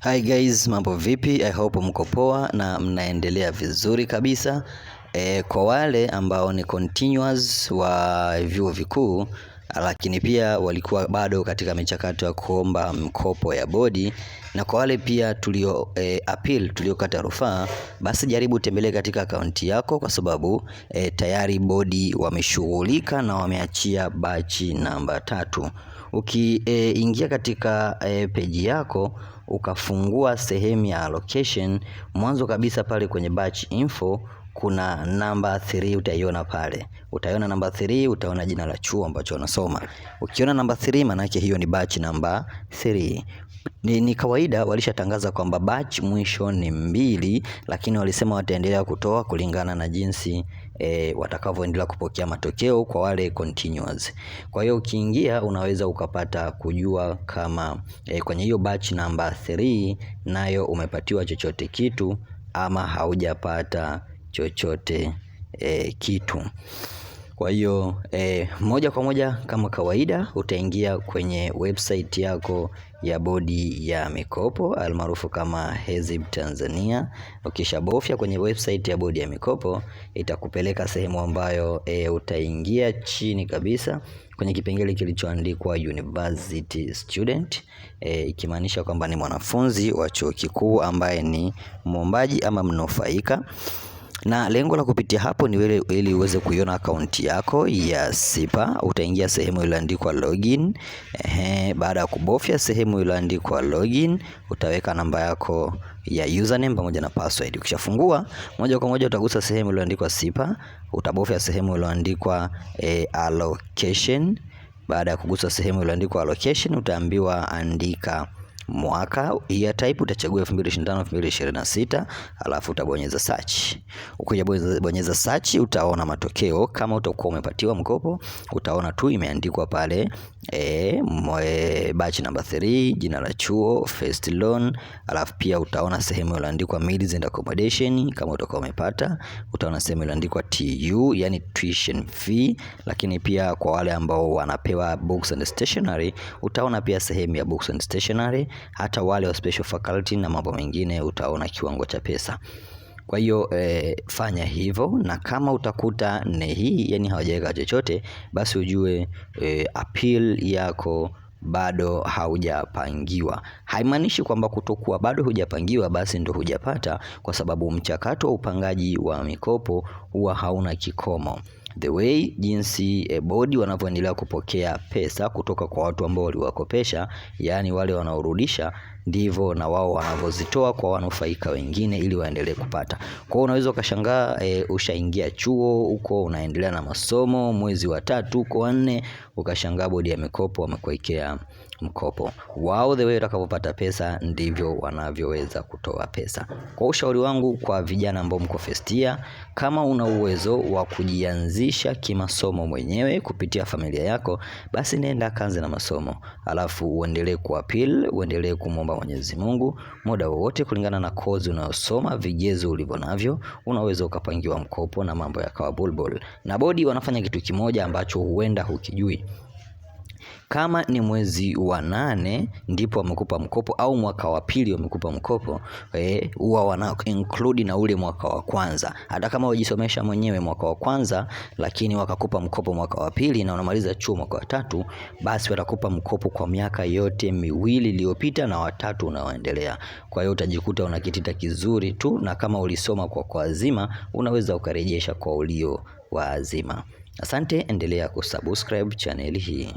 Hi guys, mambo vipi? I hope mko poa na mnaendelea vizuri kabisa. E, kwa wale ambao ni continuous wa vyuo vikuu lakini pia walikuwa bado katika michakato ya kuomba mkopo ya bodi, na kwa wale pia tulio e, appeal tuliokata rufaa, basi jaribu tembelee katika akaunti yako, kwa sababu e, tayari bodi wameshughulika na wameachia bachi namba tatu. Ukiingia e, katika e, peji yako ukafungua sehemu ya allocation, mwanzo kabisa pale kwenye batch info kuna namba 3 utaiona pale. Utaiona namba 3, utaona jina la chuo ambacho unasoma. Ukiona namba 3 maana yake hiyo ni batch namba 3 ni, ni kawaida walishatangaza kwamba batch mwisho ni mbili, lakini walisema wataendelea kutoa kulingana na jinsi e, watakavyoendelea kupokea matokeo kwa wale continuous. Kwa hiyo ukiingia unaweza ukapata kujua kama e, kwenye hiyo batch namba 3 nayo umepatiwa chochote kitu ama haujapata chochote e, kitu. Kwa hiyo e, moja kwa moja kama kawaida utaingia kwenye website yako ya bodi ya mikopo almaarufu kama HESLB Tanzania. Ukishabofya kwenye website ya bodi ya mikopo itakupeleka sehemu ambayo e, utaingia chini kabisa kwenye kipengele kilichoandikwa university student e, ikimaanisha kwamba ni mwanafunzi wa chuo kikuu ambaye ni mwombaji ama mnufaika na lengo la kupitia hapo ni wewe ili uweze kuiona akaunti yako ya sipa. Utaingia sehemu iliyoandikwa login. Ehe, baada ya kubofya sehemu iliyoandikwa login, utaweka namba yako ya username pamoja na password. Ukishafungua moja kwa moja utagusa sehemu iliyoandikwa sipa, utabofya sehemu iliyoandikwa e, allocation. Baada ya kugusa sehemu iliyoandikwa allocation, utaambiwa andika mwaka ya type utachagua 2025 2026, alafu utabonyeza search. Ukija bonyeza search utaona matokeo. Kama utakuwa umepatiwa mkopo, utaona tu imeandikwa pale e, mwe, batch number 3, jina la chuo, first loan, alafu pia utaona sehemu iliyoandikwa meals and accommodation. Kama utakuwa umepata, utaona sehemu iliyoandikwa TU, yani tuition fee, lakini pia kwa wale ambao wanapewa books and stationery utaona pia sehemu ya books and stationery hata wale wa special faculty na mambo mengine utaona kiwango cha pesa. Kwa hiyo e, fanya hivyo, na kama utakuta ne hii yani hawajaweka chochote, basi ujue e, appeal yako bado haujapangiwa. Haimaanishi kwamba kutokuwa bado hujapangiwa basi ndo hujapata, kwa sababu mchakato wa upangaji wa mikopo huwa hauna kikomo the way jinsi e, bodi wanavyoendelea kupokea pesa kutoka kwa watu ambao waliwakopesha, yaani wale wanaorudisha ndivyo na wao wanavyozitoa kwa wanufaika wengine ili waendelee kupata. Kwa hiyo unaweza ukashangaa e, ushaingia chuo huko unaendelea na masomo mwezi wa tatu huko wa nne, ukashangaa bodi ya mikopo wamekuwekea mkopo wao. The way utakavyopata pesa ndivyo wanavyoweza kutoa pesa. Kwa ushauri wangu kwa vijana ambao mko first year, kama una uwezo wa kujianzisha kimasomo mwenyewe kupitia familia yako, basi nenda kaanze na masomo, alafu uendelee kuapil, uendelee kumwomba Mwenyezi Mungu muda wowote kulingana na kozi unayosoma, vigezo ulivyo navyo, unaweza ukapangiwa mkopo na mambo yakawa bulbul. Na bodi wanafanya kitu kimoja ambacho huenda hukijui. Kama ni mwezi wa nane ndipo wamekupa mkopo au mwaka wa pili wamekupa mkopo eh, huwa eh, wana include na ule mwaka wa kwanza, hata kama wajisomesha mwenyewe mwaka wa kwanza, lakini wakakupa mkopo mwaka wa pili na unamaliza chuo mwaka wa tatu, basi watakupa mkopo kwa miaka yote miwili iliyopita na watatu unaoendelea. Kwa hiyo utajikuta una kitita kizuri tu, na kama ulisoma kwa kwa unaweza ukarejesha kwa ulio wa azima. Asante, endelea kusubscribe channel hii.